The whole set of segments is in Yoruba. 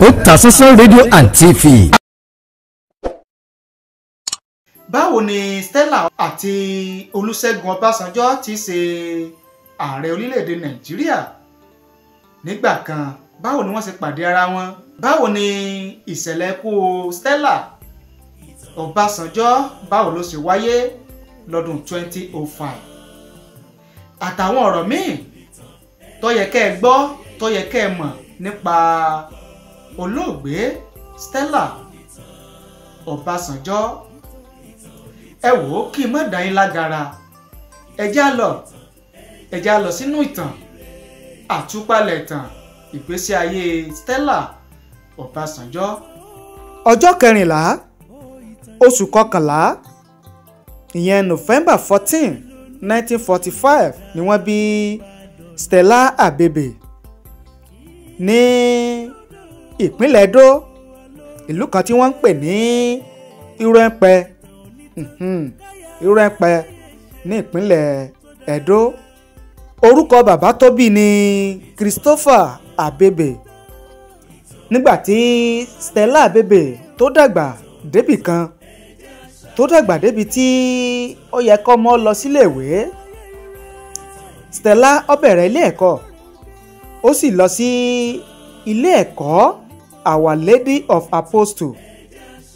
Otasansan rédíò and TV. báwo ni Stella àti Olúṣẹ́gun Ọbásanjọ́ ti ṣe ààrẹ orílẹ̀-èdè Nàìjíríà nígbà kan báwo ni wọ́n ṣe pàdé ara wọn báwo ni ìṣẹ̀lẹ̀ ikú Stella Ọbásanjọ́ báwo ló ṣe wáyé lọ́dún 2005 àtàwọn ọ̀rọ̀ míì tó yẹ kẹ́ ẹ gbọ́ tó yẹ kẹ́ ẹ mọ̀ nípa olóògbé Stella Ọbásanjọ́ ẹ wò ó kí n má dá yín lágara ẹ já lọ ẹ já lọ sínú ìtàn àtúpalẹ̀ ìtàn ìgbésí ayé Stella Ọbásanjọ́. ọjọ́ kẹrìnlá oṣù kọkànlá ìyẹn November fourteen nineteen forty five ni wọ́n bí Stella Abebe ní ìpínlẹ̀ Ẹdó ìlú kan tí wọ́n ń pè ní Irẹnpẹ Irẹnpẹ ní ìpínlẹ̀ Ẹdó orúkọ bàbá tó bí ni Christopher Abebe nígbà tí Stella Abebe tó dàgbà débì kan tó dàgbà débi tí ó yẹ kọ́ mọ́ lọ síléèwé Stella ó bẹ̀rẹ̀ ilé ẹ̀kọ́ ó sì lọ sí ilé ẹ̀kọ́ Our Lady of Apostle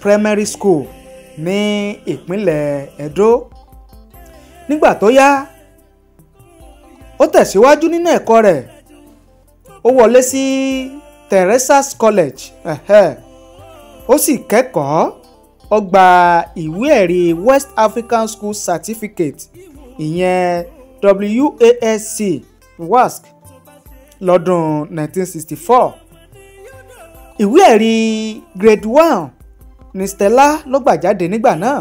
Primary School ní ìpínlẹ̀ Edo nígbà tó yá ó tẹ̀síwájú nínú ẹ̀kọ́ rẹ̀ ó wọlé sí Teresa's College ẹ̀hẹ́ ó sì kẹ́kọ̀ọ́ ó gba ìwé ẹ̀rí West African School Certificate ìyẹn WASC WASC lọ́dún 1964 ìwé ẹ̀rí grade one ni Stella ló gbà jáde nígbà náà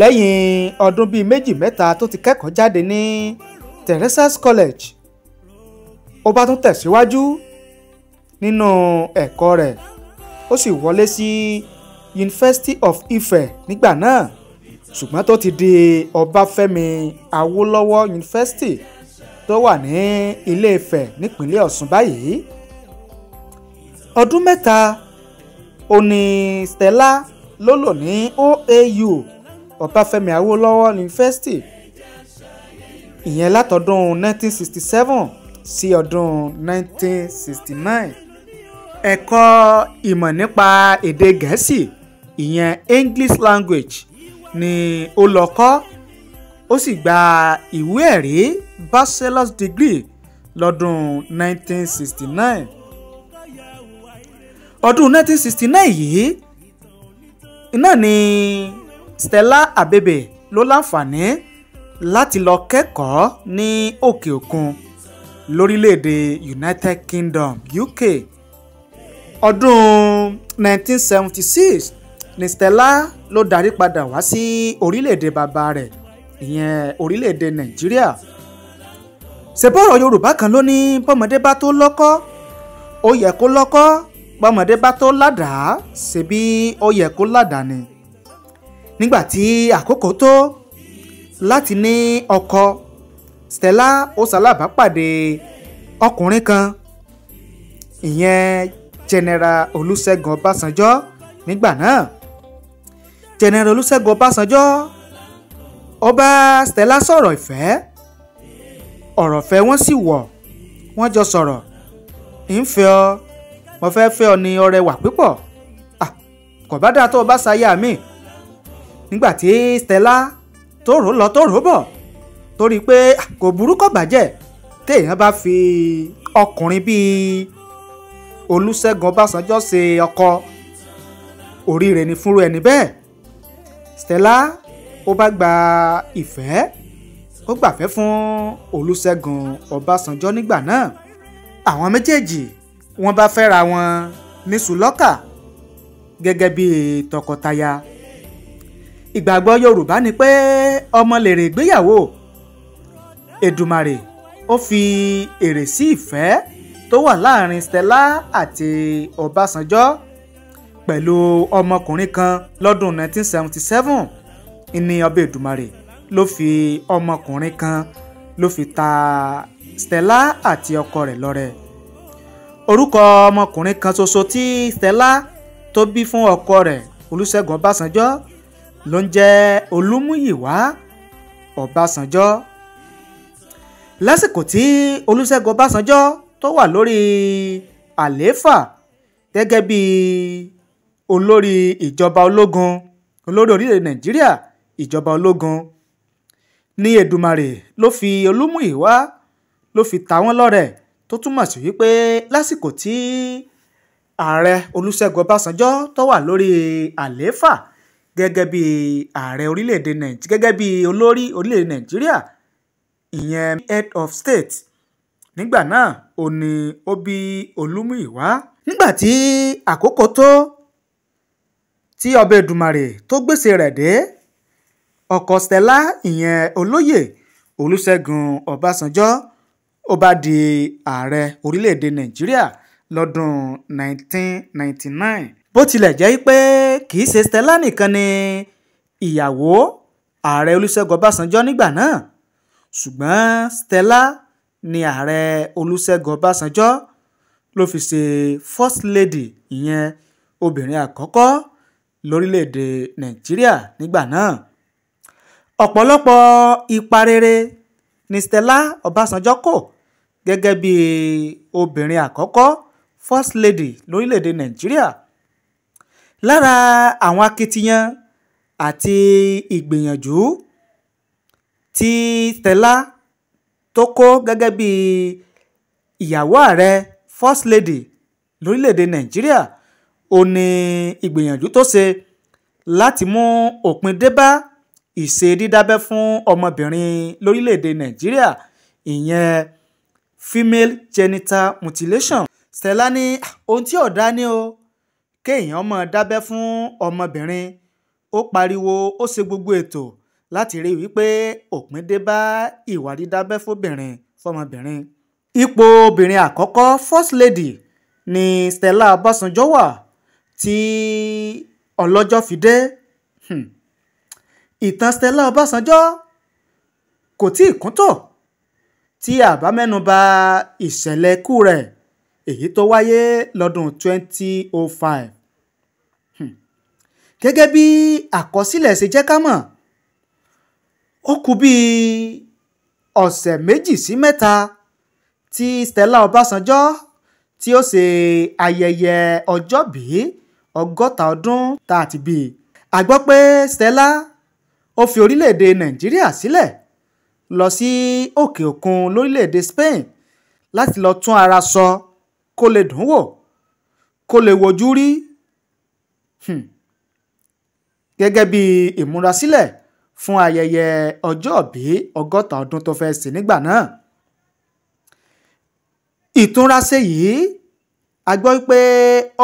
lẹ́yìn ọdún bíi méjì mẹ́ta tó ti kẹ́kọ̀ọ́ jáde ní Teresa's College ó bá tún tẹ̀síwájú nínú ẹ̀kọ́ rẹ̀ ó sì wọlé sí University of Ife nígbà náà ṣùgbọ́n tó ti di Ọbáfẹ́mi Awolowo University tó wà ní Ilé-Ifẹ̀ nípínlẹ̀ Ọ̀ṣun báyìí ọdún mẹ́ta òní Stella ló lò ní OAU Ọbáfẹ́mi Awólọ́wọ̀ University ìyẹn látọdún 1967 sí ọdún 1969 ẹ̀kọ́ ìmọ̀ nípa èdè gẹ̀ẹ́sì ìyẹn English language ni ó lọ kọ́ ó sì gba ìwé ẹ̀rí bachelor's degree lọ́dún 1969 ọdún 1969 yìí náà ni Stella Abebe ló láǹfààní láti lọ kẹ́kọ̀ọ́ ní òkè òkun lórílẹ̀‐èdè United Kingdom UK ọdún 1976 ni Stella ló darí padà wá sí orílẹ̀‐èdè bàbá rẹ̀ ìyẹn orílẹ̀‐èdè Nàìjíríà ṣèbọ̀rọ̀ Yorùbá kan ló ní bọ́mọdé bá tó lọ́kọ́ ó yẹ kó lọ́kọ́ pọmọdé bá tó ládàá ṣebí ó yẹ kó ládàá ni nígbà tí àkókò tó láti ní ọkọ Stella ó ṣalábàápàdé ọkùnrin kan ìyẹn General Olúṣẹ́gun Ọbásanjọ́ nígbà náà General Olúṣẹ́gun Ọbásanjọ́ ó Stella sọ̀rọ̀ ìfẹ́ ọ̀rọ̀ fẹ́ wọ́n sì wọ̀ wọ́n jọ sọ̀rọ̀ ìfẹ́ ọ mo fẹ́ fẹ́ ọ ní ọrẹ wà pípọ̀ kò bá dáa tó o bá ṣayá mi nígbà tí Stella tóró lọ tóró bọ̀ torí pé kò burú kò bàjẹ́ téèyàn bá fi ọkùnrin bíi Olúṣẹ́gun Ọbásanjọ́ ṣe ọkọ oríire ni fúnru ẹni bẹ́ẹ̀ Stella ó bá gba ìfẹ́ ó gbàfẹ́ fún Olúṣẹ́gun Ọbásanjọ́ nígbà náà àwọn méjèèjì wọ́n bá fẹ́ra wọn ní sùlọ́kà gẹ́gẹ́ bí tọkọtaya ìgbàgbọ́ Yorùbá ni pé ọmọ lèrè ìgbéyàwó Èdùmàrè ó fi èrè sí ìfẹ́ tó wà láàrin Stella àti Ọbásanjọ́ pẹ̀lú ọmọkùnrin kan lọ́dún 1977 ìní ọba Èdùmàrè ló fi ọmọkùnrin kan ló fi ta Stella àti ọkọ rẹ̀ lọ́rẹ orúkọ ọmọkùnrin kan ṣoṣo tí Stella tó bí fún ọkọ rẹ̀ Olúṣẹ́gun Ọbásanjọ́ ló ń jẹ́ Olúmúyìwá Ọbásanjọ́ lásìkò tí Olúṣẹ́gun Ọbásanjọ́ tó wà lórí àlééfà gẹ́gẹ́ bí olórí ìjọba ológun olórí orílẹ̀ Nàìjíríà ìjọba ológun ní Èdùmàrè ló fi Olúmúyìwá ló fi ta wọ́n lọ́rẹ tó túmọ̀ sí wípé lásìkò tí ààrẹ olùṣègùn ọbásanjọ́ tó wà lórí àlééfà gẹ́gẹ́ bí ààrẹ orílẹ̀-èdè nàìjíríà gẹ́gẹ́ bí olórí orílẹ̀-èdè nàìjíríà ìyẹn head of state nígbà náà ò ní ó bí olúmúyìwá. nígbà tí àkókò tó tí ọba Èdùmàrè tó gbèsè rẹ̀ dé ọkọ̀ stella ìyẹn olóyè olùṣègùn ọbásanjọ́ ó bá di ààrẹ orílẹ̀-èdè nàìjíríà lọ́dún 1999 bó tilẹ̀ jẹ́ pé kì í ṣe Stella nìkan ni ìyàwó ààrẹ olúṣẹ́gun ọbásanjọ́ nígbà náà ṣùgbọ́n Stella ni ààrẹ olúṣẹ́gun ọbásanjọ́ ló fi ṣe first lady ìyẹn obìnrin àkọ́kọ́ lórílẹ̀‐èdè nàìjíríà nígbà náà ọ̀pọ̀lọpọ̀ ipa rere ni Stella ọbásanjọ́ kò gẹ́gẹ́ bí obìnrin àkọ́kọ́ first lady lórílẹ̀‐èdè nàìjíríà lára àwọn akitiyan àti ìgbìyànjú tí Stella tó kó gẹ́gẹ́ bí ìyàwó ààrẹ first lady lórílẹ̀‐èdè nàìjíríà ó ní ìgbìyànjú tó ṣe láti mú òpin dé bá ìṣe dídábẹ́ fún ọmọbìnrin lórílẹ̀‐èdè nàìjíríà ìyẹn female genital mutilation Stella ní ah, ohun tí ò dá o kéèyàn máa dábẹ́ fún ọmọbìnrin ó pariwo ó ṣe gbogbo ètò láti rí wípé òpin dé bá ìwà dídábẹ́ fóbìnrin fọmọbìnrin. ipò obìnrin àkọ́kọ́ first lady ni Stella Ọbásanjọ́ wà tí ọlọ́jọ́ fi dé. Hmm. ìtàn Stella Ọbásanjọ́ kò tí ì kún tó tí a bá mẹ́nuba ìṣẹ̀lẹ̀ ikú rẹ̀ èyí tó wáyé lọ́dún 2005. Hmm. gẹ́gẹ́ bí àkọsílẹ̀ ṣe jẹ́ ká mọ̀ ó kù bí ọ̀sẹ̀ méjì sí mẹ́ta tí Stella Ọbásanjọ́ tí ó ṣe ayẹyẹ ọjọ́bí ọgọ́ta ọdún tá a ti bí i. pé Stella ó fi orílẹ̀-èdè Nàìjíríà sílẹ̀ lọ sí òkè òkun lórílẹ̀‐èdè Spain láti lọ tún ara sọ kó lè dùn wò kó lè wojú rí hmm. gẹ́gẹ́ bí ìmúrasílẹ̀ fún ayẹyẹ ọjọ́òbí ọgọ́ta ọdún tó fẹ́ sí nígbà náà ìtúnraṣe yìí a gbọ́ pé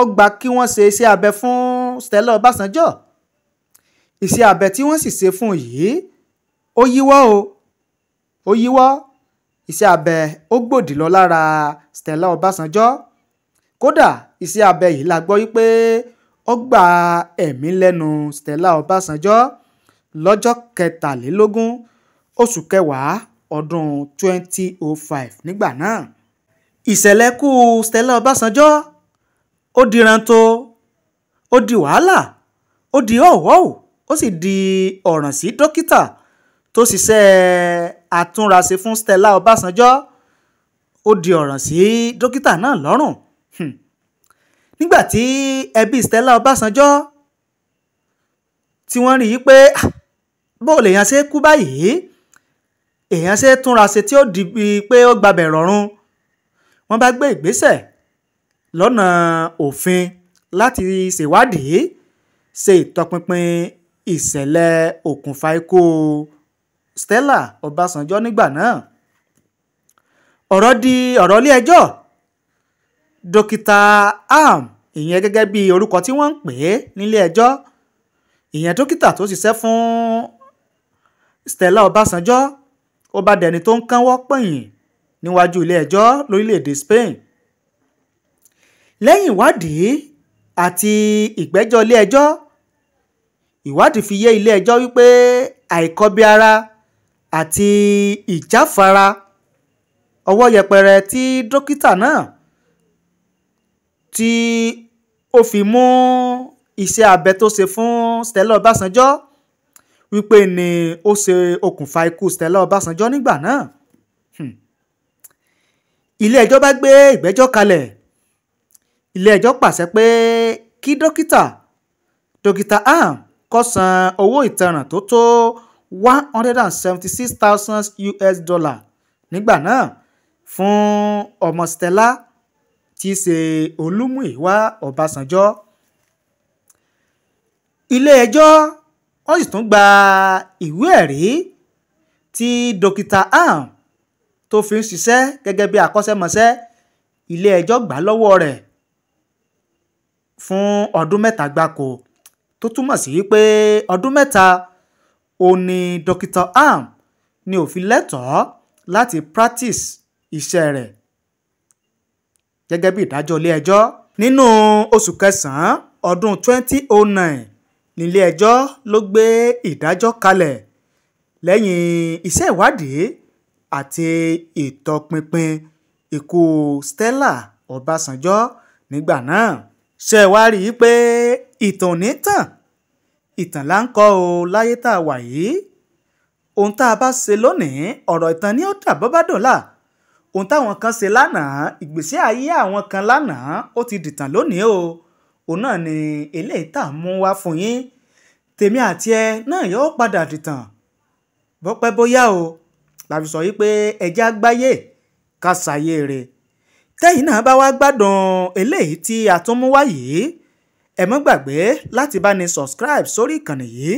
ó gba kí wọ́n ṣe iṣẹ́ abẹ fún Stella Ọbásanjọ́ iṣẹ́ abẹ tí wọ́n sì ṣe fún yìí ó yíwọ́ o ó yíwọ́ iṣẹ́ abẹ ó gbòdì lọ lára Stella Ọbásanjọ́ kódà iṣẹ́ abẹ yìí la gbọ́ wípé ó gba ẹ̀mí lẹ́nu Stella Ọbásanjọ́ lọ́jọ́ kẹtàlélógún oṣù kẹwàá ọdún 2005 nígbà náà ìṣẹ̀lẹ̀ kú Stella Ọbásanjọ́ ó di ranto ó di wàhálà ó di ọ̀wọ́ọ̀ ó sì di ọ̀ràn sí dókítà tó ṣiṣẹ́ àtúnraṣe fún Stella Ọbásanjọ́ ó di ọ̀ràn sí dókítà náà lọ́rùn hmm. nígbà tí ẹbí Stella Ọbásanjọ́ tí wọ́n rí i pé ah, bó lèèyàn ṣe kú báyìí èèyàn ṣe túnra ṣe tí ó di bíi pé ó gbabẹ̀ rọ̀run wọ́n bá gbé ìgbésẹ̀ lọ́nà òfin láti ṣèwádìí ṣe ìtọpinpin ìṣẹ̀lẹ̀ òkùnfà ikú Stella Ọbásanjọ́ nígbà náà ọ̀rọ̀ di ọ̀rọ̀ ilé ẹjọ́ dókítà am ìyẹn gẹ́gẹ́ bí orúkọ tí wọ́n ń pè é nílé ẹjọ́ ìyẹn dókítà tó ṣiṣẹ́ fún Stella Ọbásanjọ́ ó bá dẹni tó ń kánwọ́ pẹ̀yìn níwájú ilé ẹjọ́ lórílẹ̀‐èdè Spain lẹ́yìn ìwádìí àti ìgbẹ́jọ́ ilé ẹjọ́ ìwádìí fi yé ilé ẹjọ́ wípé àìkọbi àti ìjáfara ọwọ́ yẹpẹrẹ tí dókítà náà tí ó fi mú iṣẹ́ abẹ tó ṣe fún Stella Ọbásanjọ́ wípé ni ó ṣe okùnfà ikú Stella Ọbásanjọ́ nígbà náà hmm. ilé ẹjọ́ bá gbé ìgbẹ́jọ́ kalẹ̀ ilé ẹjọ́ pàṣẹ pé kí dókítà dókítà am kó san owó ìtanràn tó tó one hundred and seventy six thousand US dollar nígbà náà fún ọmọ Stella tí í ṣe Olúmúyìwá Ọbásanjọ́ ilé-ẹjọ́ wọ́n sì tún gba ìwé ẹ̀rí tí dókítà am tó fi ń ṣiṣẹ́ gẹ́gẹ́ bí akọ́ṣẹ́mọṣẹ́ ilé-ẹjọ́ gbà lọ́wọ́ rẹ̀ fún ọdún mẹ́ta gbáko tó túmọ̀ sí wípé ọdún mẹ́ta ó ní dókítà am ni òfin lẹ́tọ̀ọ́ láti practice iṣẹ́ rẹ̀ gẹ́gẹ́ bí ìdájọ́ ilé-ẹjọ́ nínú oṣù kẹsàn-án ọdún 2009 nílé-ẹjọ́ ló gbé ìdájọ́ kalẹ̀ lẹ́yìn iṣẹ́ ìwádìí àti ìtọpinpin ikú Stella Ọbásanjọ́ nígbà náà ṣe wá rí i pé ìtàn onítàn ìtàn là ń kọ́ o láyé tá a wà yìí ohun tá a bá ṣe lónìí ọ̀rọ̀ ìtàn ni ó dà bọ́bá ohun táwọn kan ṣe lánàá ìgbésí ayé àwọn kan lánàá ó ti dìtàn lónìí o òun náà ni eléyìí tá a mú wá fún yín tèmi àti ẹ náà yóò padà dìtàn bọ́pẹ́ bóyá o làbí sọ yìí ẹjẹ́ àgbáyé ká ṣàyè rẹ̀ tẹ́yìn náà bá wá gbádùn eléyìí tí a tún mú wá yìí ẹ mọ́ gbàgbé láti bá ní subscribe sórí ìkànnì yìí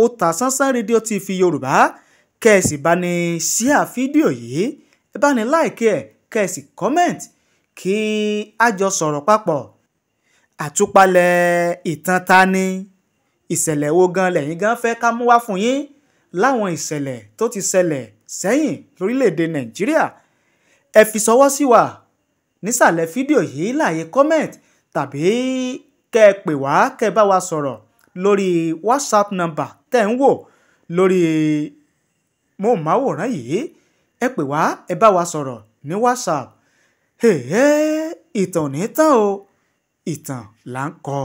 ó ta sánsán rédíò TV Yorùbá kẹ́ẹ̀sì bá ní ṣíà fídíò yìí ẹ bá ní láìkí ẹ̀ kẹ́ẹ̀sì comment kí a jọ sọ̀rọ̀ papọ̀ àtúpalẹ̀ ìtàn ta ni ìṣẹ̀lẹ̀ wo gan lẹ́yìn gan fẹ́ ká mú wá fún yín láwọn ìṣẹ̀lẹ̀ tó ti ṣẹlẹ̀ sẹ́yìn lórílẹ̀‐èdè Nàìjíríà ẹ fi ṣọwọ́ sí wa nísàlẹ̀ fídíò yìí láàyè comment tàbí kẹ́ ẹ pè wá kẹ́ ẹ bá wa sọ̀rọ̀ lórí whatsapp number tẹ́ ń wò lórí móhùnmáwòrán yìí ẹ pè wá ẹ bá wa sọ̀rọ̀ ní whatsapp ìtàn ò ní tán o ìtàn là ń kọ.